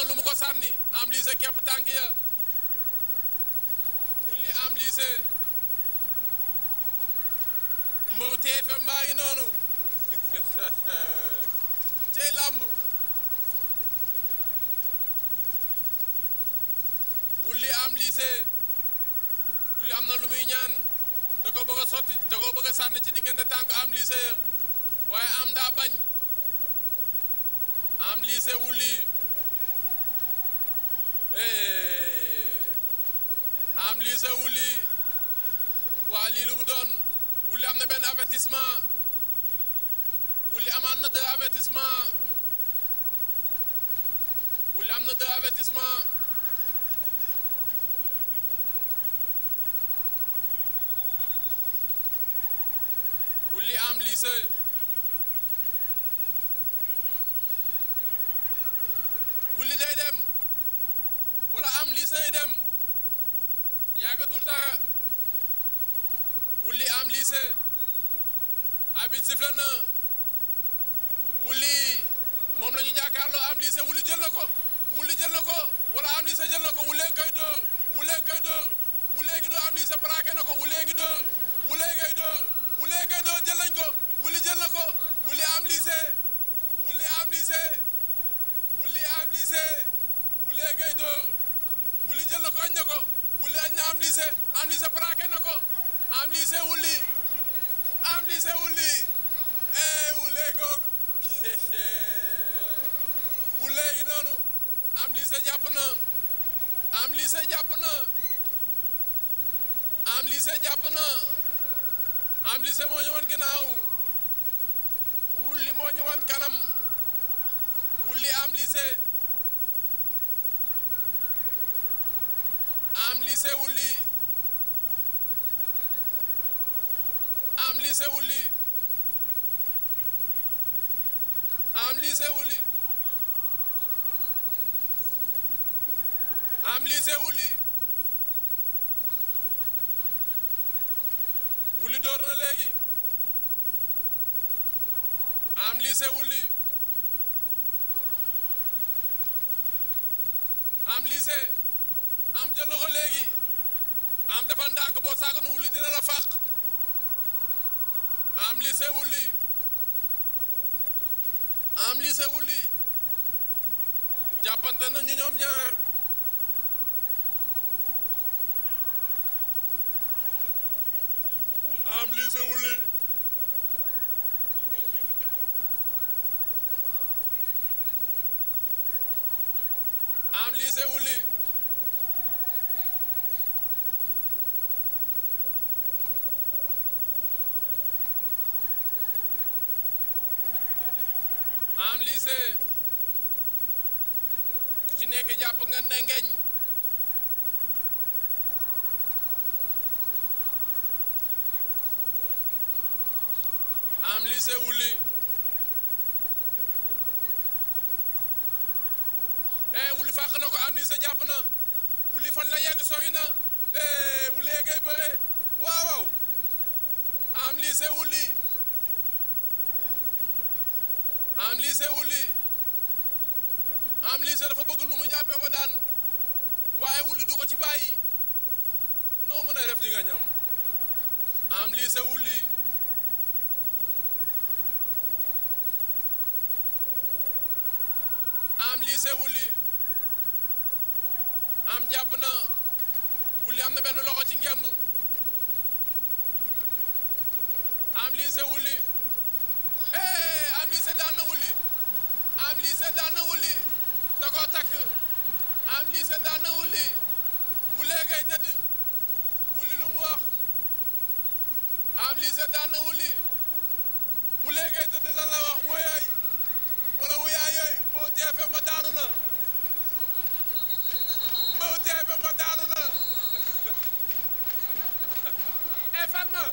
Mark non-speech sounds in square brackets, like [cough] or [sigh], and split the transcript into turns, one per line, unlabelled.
am lu mu ko sànni am liise kepp tànk ya wulli am liise mbëru TFM maa ngi noonu [laughs] cey làmb wulli am liise wulli am na lu muy ñaan da ko bëgg a sotti da ko bëgg a sànni ci diggante tànk am liise ya waaye am daa bañ am liise wulli am lii sa wulli waa lii wulli am na benn avertissement wulli amaat na deux avertissement wulli am na deux avertissement wulli am lii sëy dem yàggatul dara wulli am lycée abit sifle na wulli moom la ñu jàkkaarloo am lycée wulli jël na ko wulli jël na ko wala am lycée jël na ko wulee ngi koy dóor wulee ngi koy dóor wulee ngi dóor ko wulee ngi dóor wulee ngay dóor wulee ngay dóor jël nañ ko wulli jël na ko wulli am lycée am lycée plaqué na ko am lycée wulli am lycée wulli eh wulee goog [laughs] wulee yi noonu am lycée jàpp na am lycée jàpp na am lycée jàpp na am lycée wulli moo wan kanam wulli am lycée am lycée wulli lycée wuli am lycée wuli am lycée léegi am lycée wuli am lycée am jël léegi am dafa ndànk boo saaga nu dina la fàq ആംലിസെ ഉള്ളി ആംലിസെ ഉള്ളി jàppante nañu ñoom ñaar am lii sa am lii sa maam lycée ku nekk jàpp nga ndengeñ am lycée wuli eh wuli fàq na ko am ah, lycée jàpp na wuli fan la sori na eh wulee ngay bëre waaw waaw am lycée wuli am liise wulli am liise dafa bëgg lu mu jàppee ba daan waaye wulli du ci bàyyi noo mën a def ñam am liise wulli am liise jàpp na wulli am na benn loxo ci ngemb am liise wulli am liise daan na liise daan wuli da koo takk am liise daan na wuli bu léegay tëdd wuli lu am liise daan na wuli bu léegay tëdd lan la wax wóyaay wala wóyaay yooyu moo teefe ma daanu na moo teefe ma daanu na [laughs] e Fatma